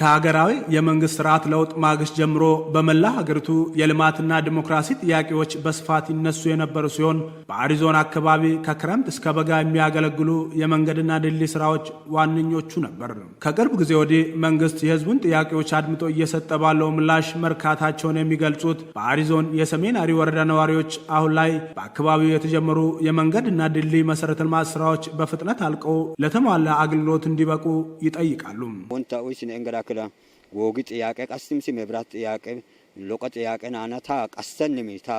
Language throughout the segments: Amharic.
ከሀገራዊ የመንግስት ስርዓት ለውጥ ማግስት ጀምሮ በመላ ሀገሪቱ የልማትና ዲሞክራሲ ጥያቄዎች በስፋት ይነሱ የነበሩ ሲሆን በአሪዞና አካባቢ ከክረምት እስከ በጋ የሚያገለግሉ የመንገድና ድልድይ ስራዎች ዋነኞቹ ነበር። ከቅርብ ጊዜ ወዲህ መንግስት የህዝቡን ጥያቄዎች አድምጦ እየሰጠ ባለው ምላሽ መርካታቸውን የሚገልጹት በአሪዞን የሰሜን አሪ ወረዳ ነዋሪዎች አሁን ላይ በአካባቢው የተጀመሩ የመንገድና ድልድይ መሰረተ ልማት ስራዎች በፍጥነት አልቀው ለተሟላ አገልግሎት እንዲበቁ ይጠይቃሉ። ያክላ ጎጊ ጥያቄ ቀስቲምሲ መብራት ጥያቄ ሎቀ ጥያቄ ናና ታ ቀሰንሚ ታ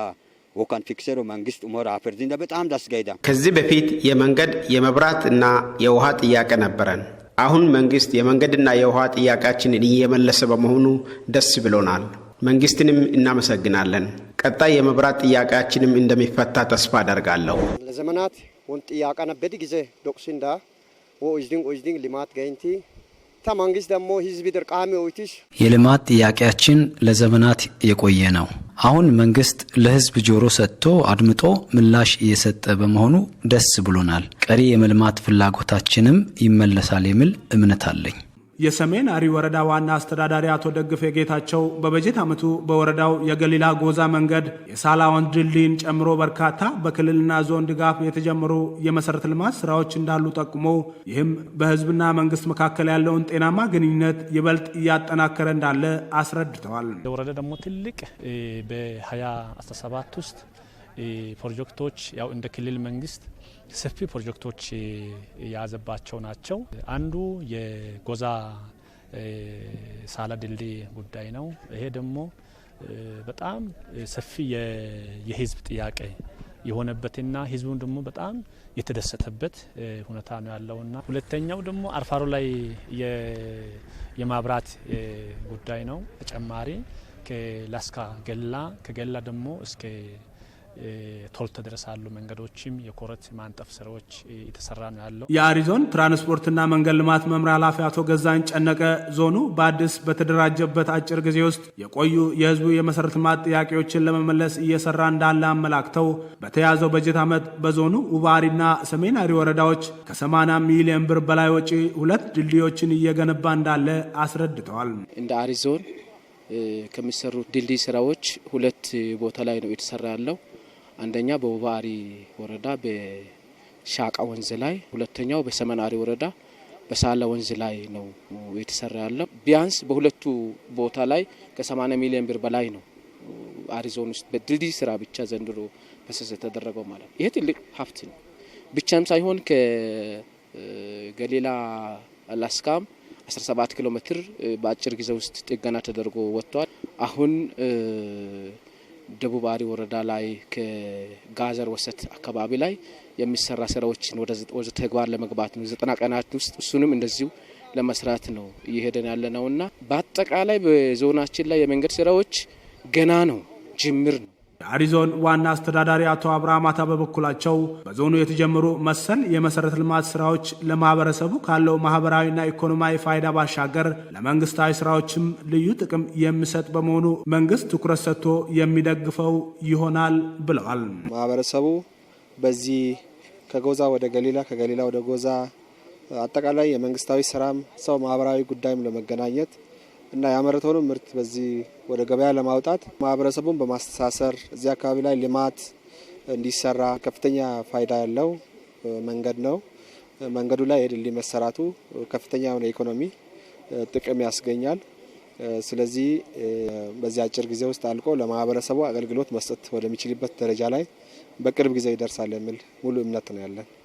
ወካን ፊክሰሩ መንግስት ሞራ ፍርድንደ በጣም ዳስጋይዳ ከዚህ በፊት የመንገድ የመብራት እና የውሃ ጥያቄ ነበረን። አሁን መንግስት የመንገድና የውሃ ጥያቄያችንን እየመለሰ በመሆኑ ደስ ብሎናል። መንግስትንም እናመሰግናለን። ቀጣይ የመብራት ጥያቄያችንም እንደሚፈታ ተስፋ አደርጋለሁ። ለዘመናት ወን ጥያቄ ነበዲ ጊዜ ዶቅሲንዳ ወ ኦጅዲንግ ኦጅዲንግ ልማት ገኝቲ ተመንግስት ደግሞ ህዝብ ውትሽ የልማት ጥያቄያችን ለዘመናት የቆየ ነው። አሁን መንግስት ለህዝብ ጆሮ ሰጥቶ አድምጦ ምላሽ እየሰጠ በመሆኑ ደስ ብሎናል። ቀሪ የመልማት ፍላጎታችንም ይመለሳል የሚል እምነት አለኝ። የሰሜን አሪ ወረዳ ዋና አስተዳዳሪ አቶ ደግፌ ጌታቸው በበጀት ዓመቱ በወረዳው የገሊላ ጎዛ መንገድ የሳላ ድልድይን ጨምሮ በርካታ በክልልና ዞን ድጋፍ የተጀመሩ የመሠረተ ልማት ስራዎች እንዳሉ ጠቁሞ ይህም በሕዝብና መንግስት መካከል ያለውን ጤናማ ግንኙነት ይበልጥ እያጠናከረ እንዳለ አስረድተዋል። ወረዳ ደግሞ ትልቅ በ2017 ውስጥ ፕሮጀክቶች ያው እንደ ክልል መንግስት ሰፊ ፕሮጀክቶች የያዘባቸው ናቸው። አንዱ የጎዛ ሳላ ድልድይ ጉዳይ ነው። ይሄ ደግሞ በጣም ሰፊ የህዝብ ጥያቄ የሆነበትና ህዝቡን ደግሞ በጣም የተደሰተበት ሁኔታ ነው ያለውና ሁለተኛው ደግሞ አርፋሮ ላይ የማብራት ጉዳይ ነው። ተጨማሪ ከላስካ ገላ ከገላ ደግሞ እስከ ቶል ተደረሳሉ መንገዶችም የኮረት ማንጠፍ ስራዎች የተሰራ ነው ያለው የአሪዞን ትራንስፖርትና መንገድ ልማት መምሪያ ኃላፊ አቶ ገዛኝ ጨነቀ ዞኑ በአዲስ በተደራጀበት አጭር ጊዜ ውስጥ የቆዩ የህዝቡ የመሰረተ ልማት ጥያቄዎችን ለመመለስ እየሰራ እንዳለ አመላክተው በተያዘው በጀት ዓመት በዞኑ ውባሪና ሰሜን አሪ ወረዳዎች ከ80 ሚሊዮን ብር በላይ ወጪ ሁለት ድልድዮችን እየገነባ እንዳለ አስረድተዋል። እንደ አሪዞን ከሚሰሩ ድልድይ ስራዎች ሁለት ቦታ ላይ ነው የተሰራ ያለው አንደኛ በውባሪ ወረዳ በሻቃ ወንዝ ላይ፣ ሁለተኛው በሰመናሪ ወረዳ በሳለ ወንዝ ላይ ነው የተሰራ ያለው። ቢያንስ በሁለቱ ቦታ ላይ ከ80 ሚሊዮን ብር በላይ ነው አሪዞን ውስጥ በድልድይ ስራ ብቻ ዘንድሮ ፈሰስ የተደረገው ማለት ነው። ይሄ ትልቅ ሀብት ነው ብቻም ሳይሆን ከገሊላ አላስካም 17 ኪሎ ሜትር በአጭር ጊዜ ውስጥ ጥገና ተደርጎ ወጥቷል። አሁን ደቡብ አሪ ወረዳ ላይ ከጋዘር ወሰት አካባቢ ላይ የሚሰራ ስራዎችን ወደ ተግባር ለመግባት ነው። ዘጠና ቀናት ውስጥ እሱንም እንደዚሁ ለመስራት ነው እየሄደን ያለ እና በአጠቃላይ በዞናችን ላይ የመንገድ ስራዎች ገና ነው፣ ጅምር ነው። የአሪዞን ዋና አስተዳዳሪ አቶ አብርሃም አታ በበኩላቸው በዞኑ የተጀመሩ መሰል የመሰረተ ልማት ስራዎች ለማህበረሰቡ ካለው ማህበራዊና ኢኮኖሚያዊ ፋይዳ ባሻገር ለመንግስታዊ ስራዎችም ልዩ ጥቅም የሚሰጥ በመሆኑ መንግስት ትኩረት ሰጥቶ የሚደግፈው ይሆናል ብለዋል። ማህበረሰቡ በዚህ ከጎዛ ወደ ገሊላ ከገሊላ ወደ ጎዛ አጠቃላይ የመንግስታዊ ስራም ሰው ማህበራዊ ጉዳይም ለመገናኘት እና ያመረተውንም ምርት በዚህ ወደ ገበያ ለማውጣት ማህበረሰቡን በማስተሳሰር እዚህ አካባቢ ላይ ልማት እንዲሰራ ከፍተኛ ፋይዳ ያለው መንገድ ነው። መንገዱ ላይ የድልድይ መሰራቱ ከፍተኛ የሆነ ኢኮኖሚ ጥቅም ያስገኛል። ስለዚህ በዚህ አጭር ጊዜ ውስጥ አልቆ ለማህበረሰቡ አገልግሎት መስጠት ወደሚችልበት ደረጃ ላይ በቅርብ ጊዜ ይደርሳል የሚል ሙሉ እምነት ነው ያለን።